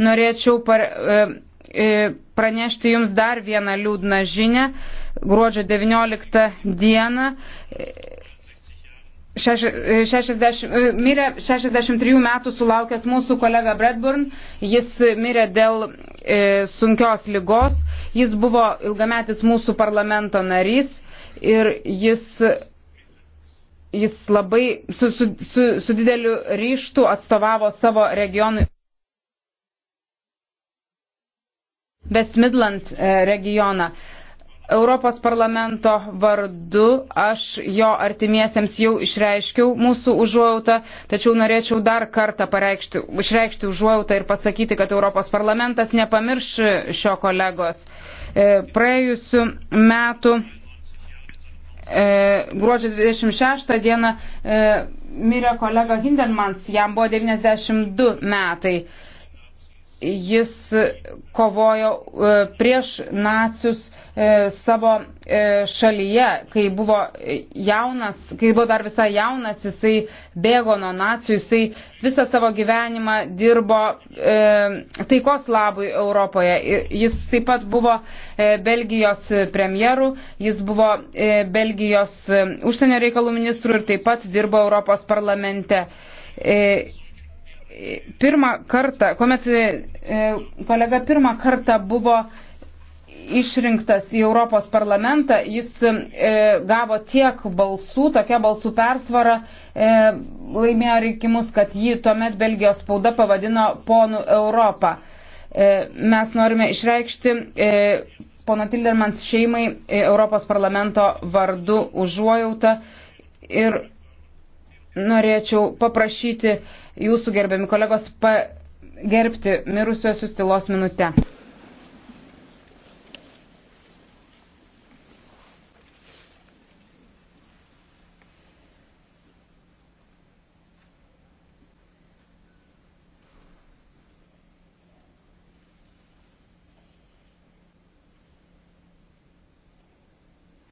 norėčiau par, e, e, pranešti Jums dar vieną liūdną žinę. Gruodžio 19 dieną. E, 60, e, e, mirė 63 metų sulaukęs mūsų kolega Bradburn. Jis mirė dėl e, sunkios lygos. Jis buvo ilgametis mūsų parlamento narys ir jis, jis labai su, su, su, su dideliu ryštu atstovavo savo regionui. West Midland e, regioną. Europos parlamento vardu aš jo artimiesiems jau išreiškiau mūsų užuojautą, tačiau norėčiau dar kartą pareikšti, išreikšti užuojautą ir pasakyti, kad Europos parlamentas nepamirš šio kolegos. E, praėjusiu metu e, gruodžio 26 dieną mirė kolega Hindenmans, jam buvo 92 metai. Jis kovojo e, prieš nacius e, savo e, šalyje, kai buvo jaunas, kai buvo dar visai jaunas, jisai bėgo nuo nacijų, jisai visą savo gyvenimą dirbo taikos labui Europoje. Jis taip pat buvo Belgijos premjerų, jis buvo Belgijos užsienio reikalų ministrų ir taip pat dirbo Europos parlamente pirmą kartą, kuomet e, kolega pirmą kartą buvo išrinktas į Europos parlamentą, jis e, gavo tiek balsų, tokia balsų persvara, e, laimėjo rinkimus, kad jį tuomet Belgijos spauda pavadino ponų Europą. Mes norime išreikšti pono Tildermans šeimai Europos parlamento vardu užuojautą ir norėčiau paprašyti jūsų gerbiami kolegos pagerbti mirusiuosius tylos minute.